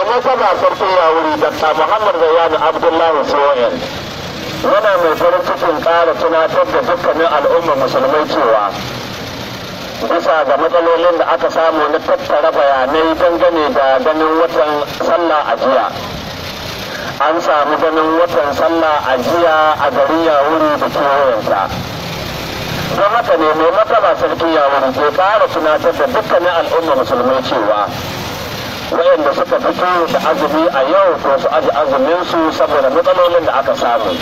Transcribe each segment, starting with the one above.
mai nasaba sarkin yawuri dakta muhammad zayyana abdullahi soyan yana mai farin cikin ƙara tunatar da dukkanin al'ummar musulmai cewa bisa ga matsalolin da aka samu na tattara bayanai dangane da ganin watan sallah a jiya an samu ganin watan sallah a jiya a gari wuri da kewayensa don haka ne mai matsala sarki wuri ke ƙara tunatar da dukkanin al'ummar musulmai cewa waɗanda suka fito da azumi a yau ko su aji su saboda matsalolin da aka samu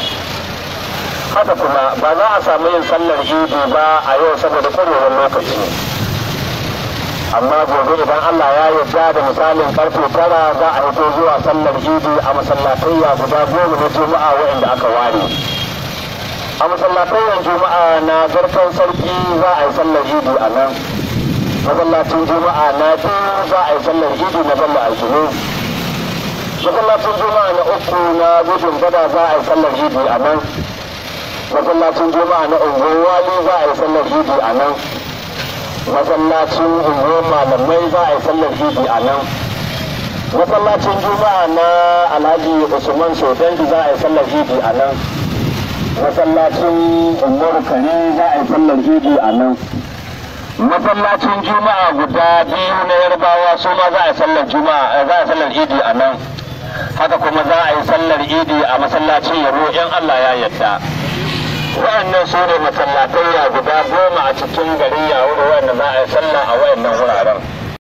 haka kuma ba za a samu yin sallar idi ba a yau saboda kwarewar lokaci amma gobe idan allah ya yarda da misalin karfe tara za a hito zuwa sallar idi a masallatayya guda goma na juma'a waɗanda aka ware a masallatayyan juma'a na zarfan sarki za a yi sallar idi a nan masallacin juma'a na biyu za a yi sallar idi na sallar aljihu masallacin juma'a na uku na gudun gada za a yi sallar idi a nan masallacin juma'a na unguwar wali za a yi sallar idi a nan masallacin unguwar malamai za a yi sallar idi a nan masallacin juma'a na alhaji usman sodanji za a yi sallar idi a nan masallacin umar kare za a yi sallar idi a nan masallacin juma'a guda biyu na yarbawa su ma za a sallar juma'a eh, za a sallar idi a nan haka kuma za a yi sallar idi a masallacin yaro in allah ya yarda wa'annan su ne masallatai guda goma a cikin gari garin da wa'anda za a yi sallah a wa'annan wuraren